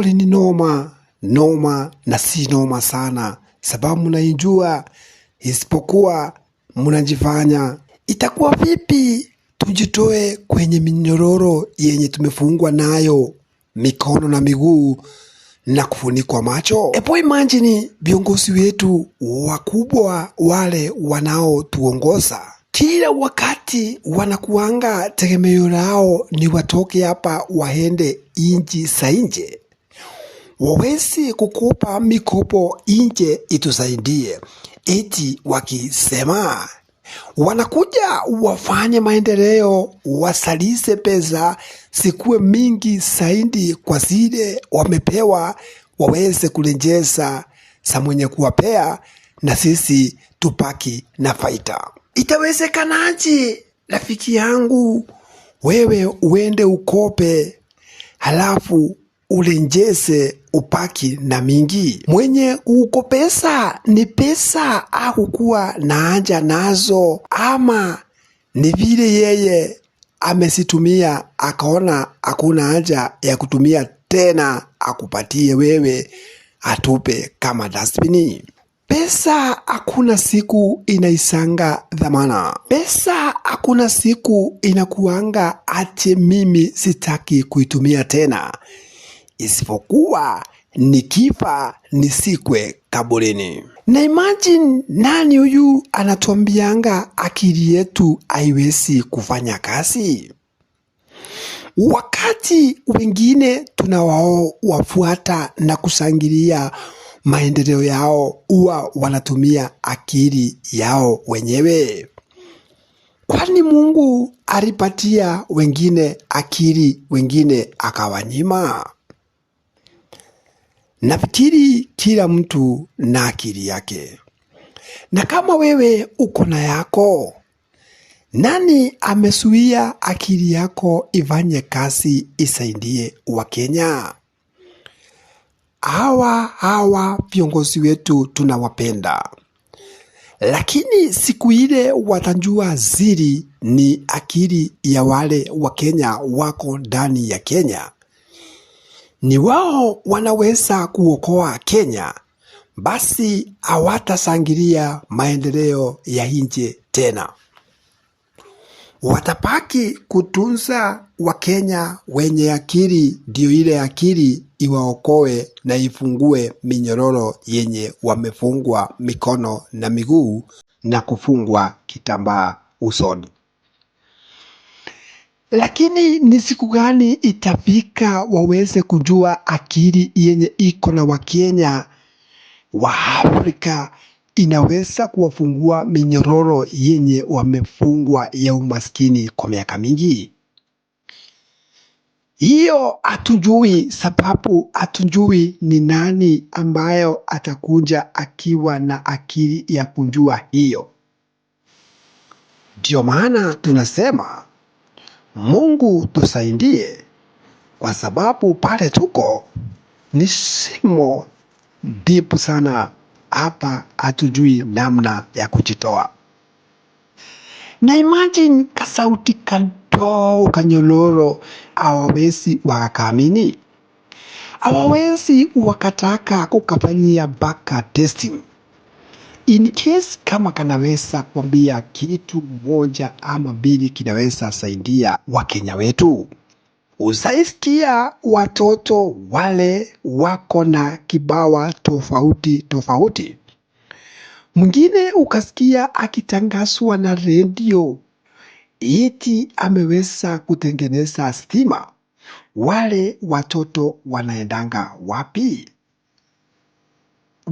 Pole ni noma noma na si noma sana, sababu mnaijua, isipokuwa mnajifanya. Itakuwa vipi tujitoe kwenye minyororo yenye tumefungwa nayo mikono na miguu na kufunikwa macho. Epo, imajini viongozi wetu wakubwa wale wanaotuongoza kila wakati wanakuanga tegemeo lao ni watoke hapa waende inji za nje wawezi kukupa mikopo nje itusaidie, eti wakisema wanakuja wafanye maendeleo, wasalize pesa sikuwe mingi zaidi kwa zile wamepewa, waweze kulenjeza sa mwenye kuwapea, na sisi tupaki na faida. Itawezekanaje rafiki yangu, wewe uende ukope halafu ulenjese upaki na mingi mwenye uko pesa ni pesa akukuwa na anja nazo ama ni vile yeye amesitumia akaona hakuna haja ya kutumia tena, akupatie wewe, atupe kama dasbini. Pesa hakuna siku inaisanga dhamana. Pesa hakuna siku inakuanga ache mimi sitaki kuitumia tena isipokuwa nikifa nisikwe kaburini. Na imagine nani huyu anatuambianga akili yetu haiwezi kufanya kazi, wakati wengine tunawao wafuata na kusangilia maendeleo yao, huwa wanatumia akili yao wenyewe. Kwani Mungu alipatia wengine akili, wengine akawanyima? Nafikiri kila mtu na akili yake, na kama wewe uko na yako, nani amesuia akili yako ifanye kazi isaidie kenya Hawa hawa viongozi wetu tunawapenda, lakini siku ile watajua siri ni akili ya wale kenya wako ndani ya Kenya ni wao wanaweza kuokoa Kenya, basi hawatasangilia maendeleo ya nje tena. Watapaki kutunza Wakenya wenye akili, ndio ile akili iwaokoe na ifungue minyororo yenye wamefungwa mikono na miguu na kufungwa kitambaa usoni. Lakini ni siku gani itafika waweze kujua akili yenye iko na Wakenya wa Afrika inaweza kuwafungua minyororo yenye wamefungwa ya umaskini kwa miaka mingi? Hiyo hatujui, sababu hatujui ni nani ambayo atakuja akiwa na akili ya kujua hiyo. Ndio maana tunasema Mungu tusaidie, kwa sababu pale tuko ni simo dipu sana, hapa hatujui namna ya kujitoa. Na imagine kasauti kadogo kanyororo, awawezi wakakamini, awawezi wakataka kukafanyia mpaka testing in case kama kanaweza kwambia kitu moja ama mbili kinaweza saidia wakenya wetu. Usaisikia watoto wale wako na kibawa tofauti tofauti, mwingine ukasikia akitangazwa na redio eti ameweza kutengeneza stima. Wale watoto wanaendanga wapi?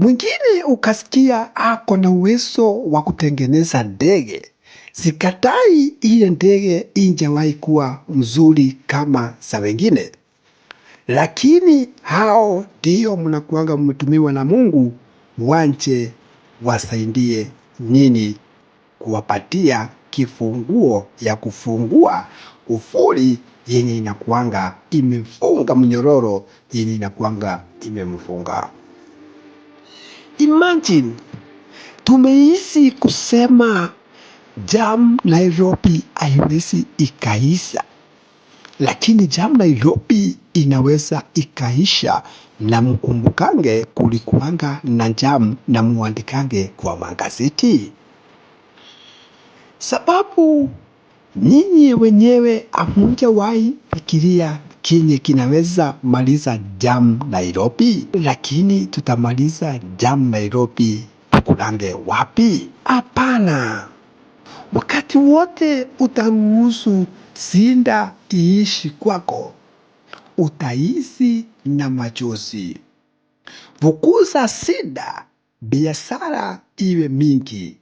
Mwingine ukasikia ako na uwezo wa kutengeneza ndege. Sikatai ile ndege injawahi kuwa mzuri kama za wengine, lakini hao ndio mnakuanga mmetumiwa na Mungu wanje wasaidie nyinyi kuwapatia kifunguo ya kufungua ufuli yenye inakuanga imefunga mnyororo yenye inakuanga imemfunga. Imagine tumeisi kusema jam Nairobi haiwezi ikaisha, lakini jam Nairobi inaweza ikaisha. Na mkumbukange kulikuanga na jam na muandikange kwa magazeti, sababu nyinyi wenyewe hamunjawahi fikiria kinye kinaweza maliza jam Nairobi, lakini tutamaliza jam Nairobi tukulange wapi? Hapana, wakati wote utaruhusu sinda iishi kwako, utaishi na machozi. Vukuza sinda, biashara iwe mingi.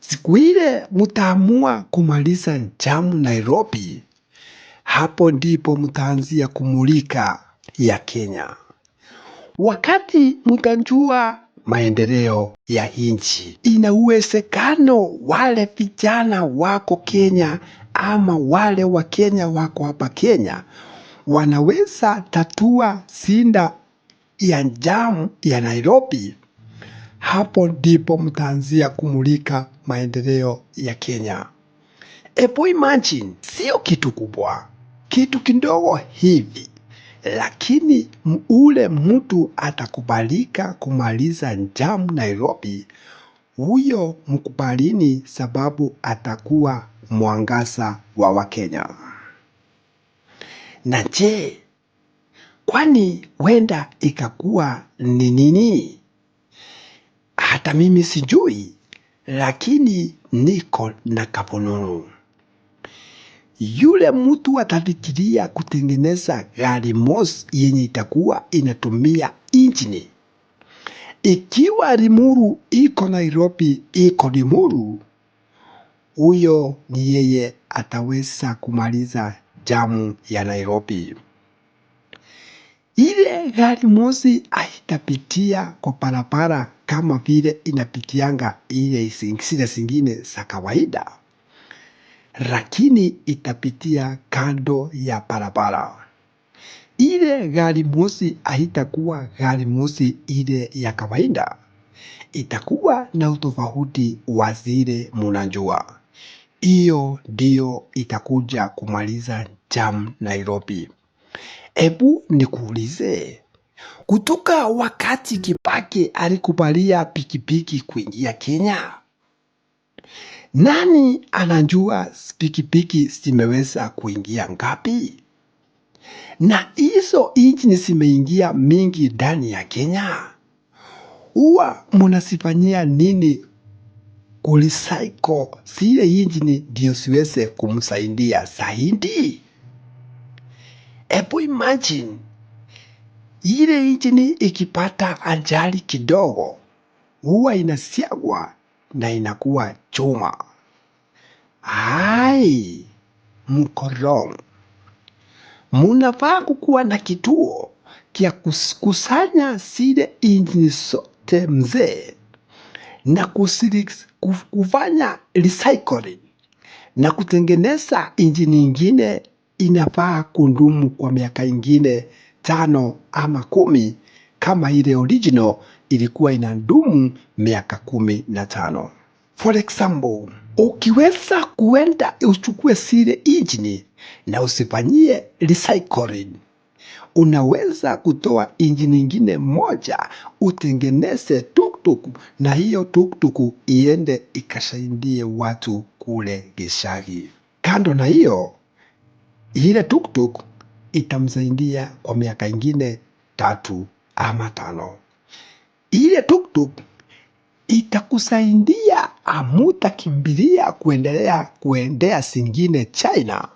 Siku ile mutaamua kumaliza jam Nairobi, hapo ndipo mtaanzia kumulika ya Kenya. Wakati mtajua maendeleo ya nchi, ina uwezekano wale vijana wako Kenya ama wale wa Kenya wako hapa Kenya wanaweza tatua sinda ya jamu ya Nairobi. Hapo ndipo mtaanzia kumulika maendeleo ya Kenya. Epo imagine, sio kitu kubwa kitu kidogo hivi, lakini ule mtu atakubalika kumaliza jamu Nairobi, huyo mkubalini, sababu atakuwa mwangaza wa Wakenya. Na je, kwani wenda ikakuwa ni nini? Hata mimi sijui, lakini niko na kapununu yule mtu atafikiria kutengeneza gari mosi yenye itakuwa inatumia injini. Ikiwa Limuru iko Nairobi, iko Limuru, huyo ni yeye ataweza kumaliza jamu ya Nairobi. Ile gari mosi haitapitia kwa barabara kama vile inapitianga ile zingine za kawaida lakini itapitia kando ya barabara. Ile gari mosi haitakuwa gari mosi ile ya kawaida, itakuwa na utofauti wa zile munajua. Hiyo ndiyo itakuja kumaliza jam Nairobi. Ebu nikuulize, kutoka wakati Kibaki alikubalia pikipiki kuingia Kenya nani anajua pikipiki zimeweza kuingia ngapi? Na hizo injini zimeingia mingi ndani ya Kenya. Huwa mnazifanyia nini kurecycle zile injini ndio ziweze kumsaidia zaidi? Hebu imagine ile injini ikipata ajali kidogo, huwa inasiagwa na inakuwa chuma. ai mkorong Munafaa kukuwa na kituo kya kusanya zile injini sote mzee na kufanya recycling na kutengeneza injini ingine inafaa kundumu kwa miaka ingine tano ama kumi kama ile original ilikuwa inadumu miaka kumi na tano. For example, ukiweza kuenda uchukue sile injini na usifanyie recycling, unaweza kutoa injini ingine moja utengeneze tuktuku na hiyo tuktuku iende ikasaidie watu kule Gishari. Kando na hiyo, ile tuktuku itamsaidia kwa miaka ingine tatu ama tano ile tuktuk itakusaidia amutakimbilia kuendelea kuendea singine China,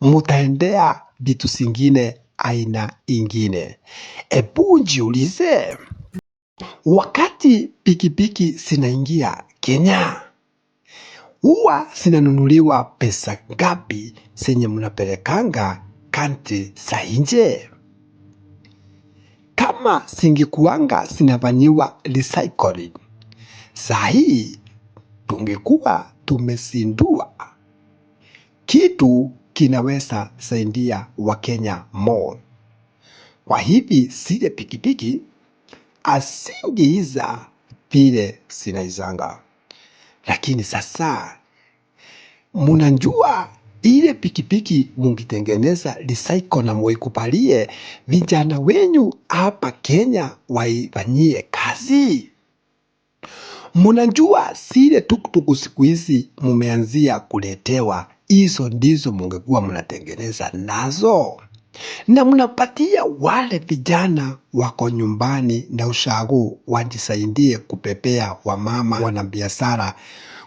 mutaendea vitu singine aina ingine. Ebu jiulize, wakati pikipiki zinaingia Kenya huwa zinanunuliwa pesa ngapi zenye mnapelekanga kanti za nje? kama singikuanga sinafanyiwa recycling, saa hii tungekuwa tumezindua kitu kinaweza saidia Wakenya more. Kwa hivi zile pikipiki asingiiza vile zinaizanga, lakini sasa munajua ile pikipiki mungitengeneza recycle na muikubalie vijana wenyu hapa Kenya waifanyie kazi. Munajua sile tukutuku siku hizi mumeanzia kuletewa, hizo ndizo mungekuwa munatengeneza nazo, na munapatia wale vijana wako nyumbani na ushago wajisaidie kupepea wamama wanabiashara,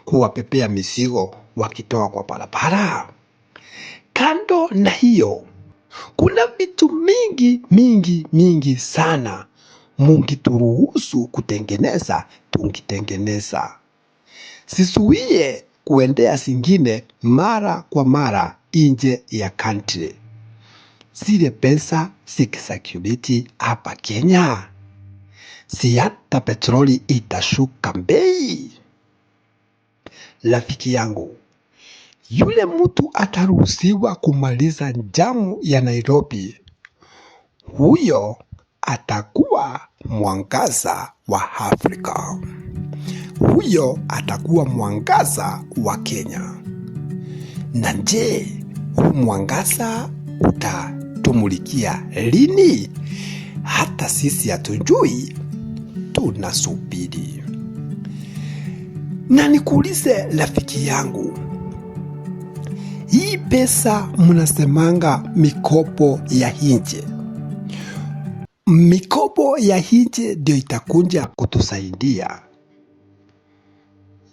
kuwapepea misigo wakitoa kwa barabara na hiyo, kuna vitu mingi mingi mingi sana mungituruhusu kutengeneza, tungitengeneza. Sisuie kuendea singine mara kwa mara inje ya country, zile pesa sikisakubiti hapa Kenya, si hata petroli itashuka bei. Rafiki yangu yule mtu ataruhusiwa kumaliza jamu ya Nairobi. Huyo atakuwa mwangaza wa Afrika, huyo atakuwa mwangaza wa Kenya. Na je, huu mwangaza utatumulikia lini? Hata sisi hatujui, tunasubiri. Na nikuulize rafiki yangu hii pesa mnasemanga mikopo ya hinje. Mikopo ya hinje ndio itakunja kutusaidia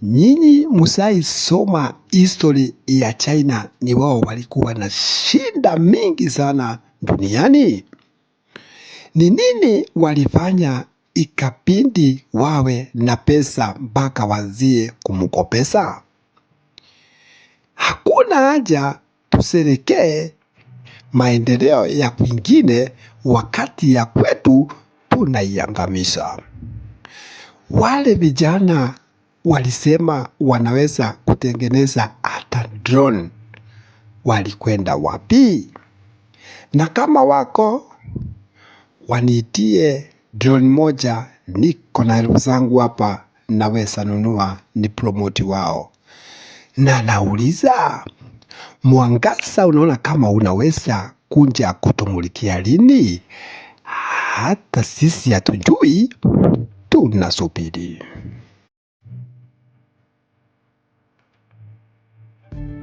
nyinyi. Musaisoma history ya China, ni wao walikuwa na shinda mingi sana duniani. Ni nini walifanya ikapindi wawe na pesa mpaka wazie kumkopesa? Hakuna haja tuserekee maendeleo ya kwingine wakati ya kwetu tunaiangamiza. Wale vijana walisema wanaweza kutengeneza hata drone. Walikwenda wapi? Na kama wako wanitie drone moja niko na hela zangu hapa naweza nunua nipromoti wao na nauliza mwangaza unaona kama unaweza kunja kutumulikia lini? Hata sisi hatujui, tunasubiri.